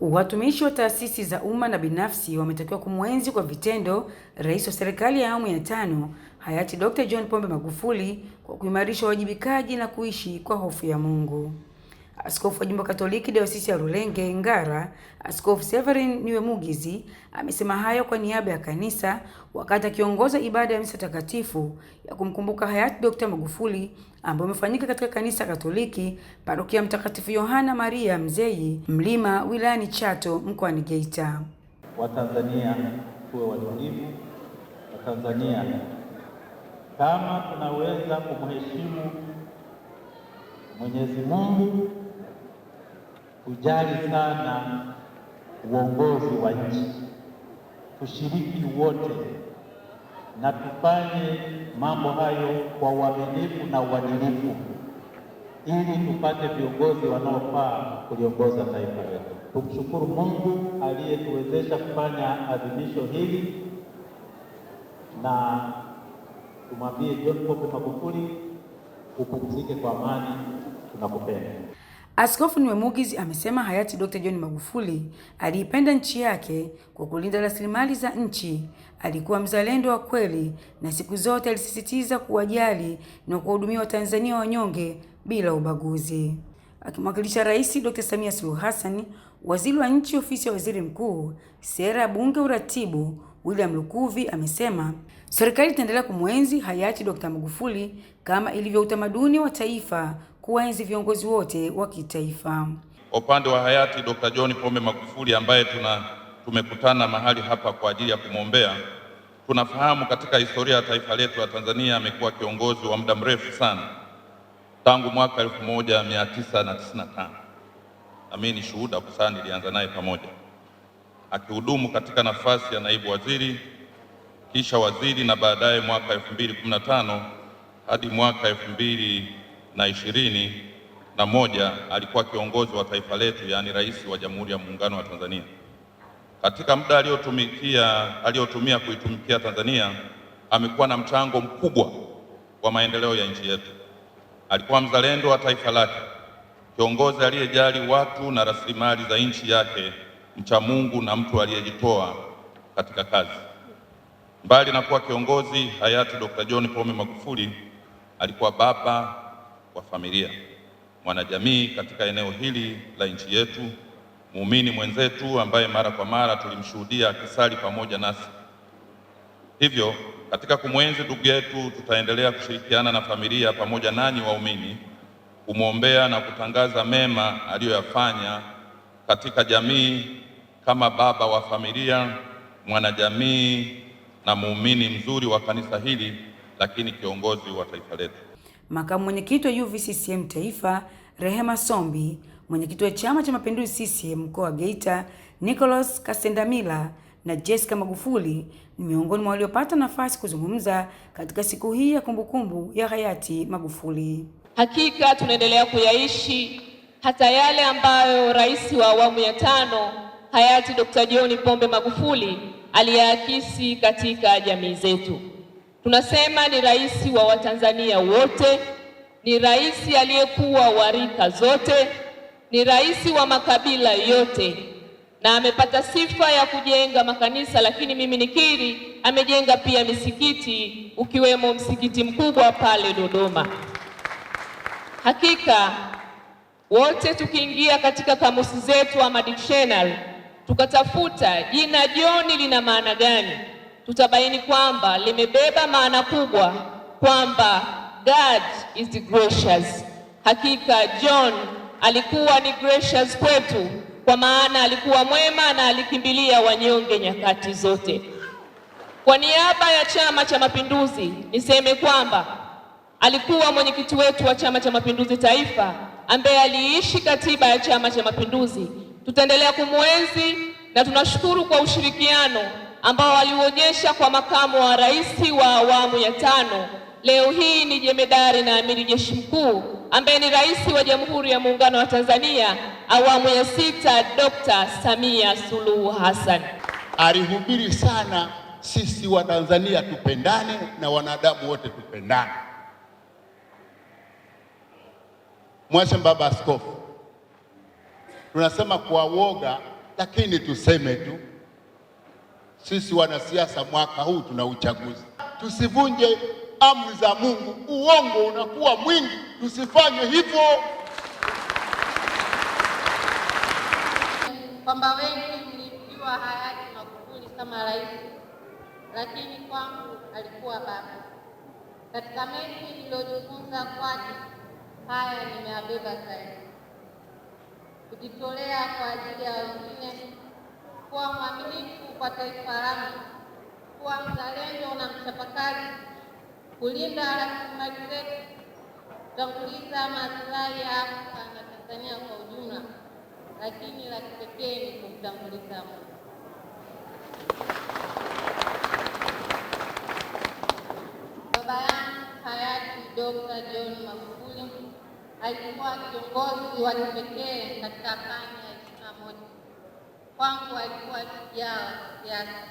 Watumishi wa taasisi za umma na binafsi wametakiwa kumwenzi kwa vitendo Rais wa serikali ya awamu ya tano hayati Dr. John Pombe Magufuli kwa kuimarisha uwajibikaji na kuishi kwa hofu ya Mungu. Askofu wa jimbo Katoliki Dayosisi ya Rulenge Ngara, Askofu Severin Niwemugizi amesema hayo kwa niaba ya kanisa wakati akiongoza ibada ya misa takatifu ya kumkumbuka hayati Dr. Magufuli ambayo imefanyika katika kanisa Katoliki parokia Mtakatifu Yohana Maria Mzeyi Mlima wilayani Chato mkoani Geita. Watanzania tuwe watulivu. Watanzania kama tunaweza kumheshimu Mwenyezi Mungu tujali sana uongozi wa nchi, tushiriki wote na tufanye mambo hayo kwa uaminifu na uadilifu, ili tupate viongozi wanaofaa kuliongoza taifa letu. Tumshukuru Mungu aliyetuwezesha kufanya adhimisho hili na tumwambie John Pombe Magufuli, upumzike kwa amani, tunakupenda. Askofu Niwemugizi amesema hayati Dr. John Magufuli aliipenda nchi yake kwa kulinda rasilimali za nchi. Alikuwa mzalendo wa kweli na siku zote alisisitiza kuwajali na kuwahudumia Watanzania wanyonge bila ubaguzi. Akimwakilisha Rais Dr. Samia Suluhu Hassan, Waziri wa Nchi Ofisi ya Waziri Mkuu, Sera Bunge, Uratibu William Lukuvi amesema serikali itaendelea kumwenzi hayati Dr. Magufuli kama ilivyo utamaduni wa taifa kuenzi viongozi wote wa kitaifa. Kwa upande wa hayati Dr. John Pombe Magufuli ambaye tuna tumekutana mahali hapa kwa ajili ya kumwombea, tunafahamu katika historia ya taifa letu la Tanzania amekuwa kiongozi wa muda mrefu sana tangu mwaka 1995 na mimi ni shuhuda kwa sababu nilianza naye pamoja, akihudumu katika nafasi ya naibu waziri kisha waziri na baadaye mwaka 2015 hadi mwaka 2020 na ishirini na moja alikuwa kiongozi wa taifa letu, yaani rais wa Jamhuri ya Muungano wa Tanzania. Katika muda aliyotumikia aliyotumia kuitumikia Tanzania amekuwa na mchango mkubwa wa maendeleo ya nchi yetu. Alikuwa mzalendo wa taifa lake, kiongozi aliyejali watu na rasilimali za nchi yake, mcha Mungu na mtu aliyejitoa katika kazi. Mbali na kuwa kiongozi, hayati Dr. John Pombe Magufuli alikuwa baba wa familia, mwanajamii katika eneo hili la nchi yetu, muumini mwenzetu ambaye mara kwa mara tulimshuhudia akisali pamoja nasi. Hivyo katika kumwenzi ndugu yetu, tutaendelea kushirikiana na familia pamoja nanyi waumini kumwombea na kutangaza mema aliyoyafanya katika jamii kama baba wa familia, mwanajamii na muumini mzuri wa kanisa hili, lakini kiongozi wa taifa letu. Makamu mwenyekiti wa UVCCM Taifa Rehema Sombi, mwenyekiti wa Chama cha Mapinduzi CCM mkoa wa Geita Nicholas Kasendamila na Jessica Magufuli ni miongoni mwa waliopata nafasi kuzungumza katika siku hii ya kumbukumbu ya hayati Magufuli. Hakika tunaendelea kuyaishi hata yale ambayo rais wa awamu ya tano hayati Dr. John Pombe Magufuli aliyaakisi katika jamii zetu tunasema ni rais wa Watanzania wote, ni rais aliyekuwa wa rika zote, ni rais wa makabila yote, na amepata sifa ya kujenga makanisa, lakini mimi nikiri, amejenga pia misikiti, ukiwemo msikiti mkubwa pale Dodoma. Hakika wote tukiingia katika kamusi zetu ama dictionary tukatafuta jina John lina maana gani tutabaini kwamba limebeba maana kubwa kwamba God is gracious. Hakika John alikuwa ni gracious kwetu, kwa maana alikuwa mwema na alikimbilia wanyonge nyakati zote. Kwa niaba ya Chama cha Mapinduzi niseme kwamba alikuwa mwenyekiti wetu wa Chama cha Mapinduzi Taifa, ambaye aliishi katiba ya Chama cha Mapinduzi. Tutaendelea kumwenzi na tunashukuru kwa ushirikiano ambao walionyesha kwa makamu wa rais wa awamu ya tano. Leo hii ni jemedari na amiri jeshi mkuu ambaye ni rais wa Jamhuri ya Muungano wa Tanzania awamu ya sita, Dr. Samia Suluhu Hassan. Alihubiri sana sisi Watanzania tupendane na wanadamu wote tupendane. Mwasha Baba Askofu, tunasema kwa woga, lakini tuseme tu sisi wanasiasa mwaka huu tuna uchaguzi, tusivunje amri za Mungu. Uongo unakuwa mwingi, tusifanye hivyo, kwamba wengi mlipiwa hayati Magufuli kama rais, lakini kwangu alikuwa baba. Katika mengi niliyojifunza kwake, haya nimeabeba zaidi: kujitolea kwa ajili ya wengine kuwa mwaminifu kwa taifa langu, kuwa mzalendo na mchapakazi, kulinda rasilimali zetu, kutanguliza maslahi ya Afrika na Tanzania kwa ujumla, lakini la kipekee ni kumtanguliza Mungu. Baba yangu hayati Dokta John Magufuli alikuwa kiongozi wa kipekee katika karne ya ishirini na moja kwangu alikuwa yao yake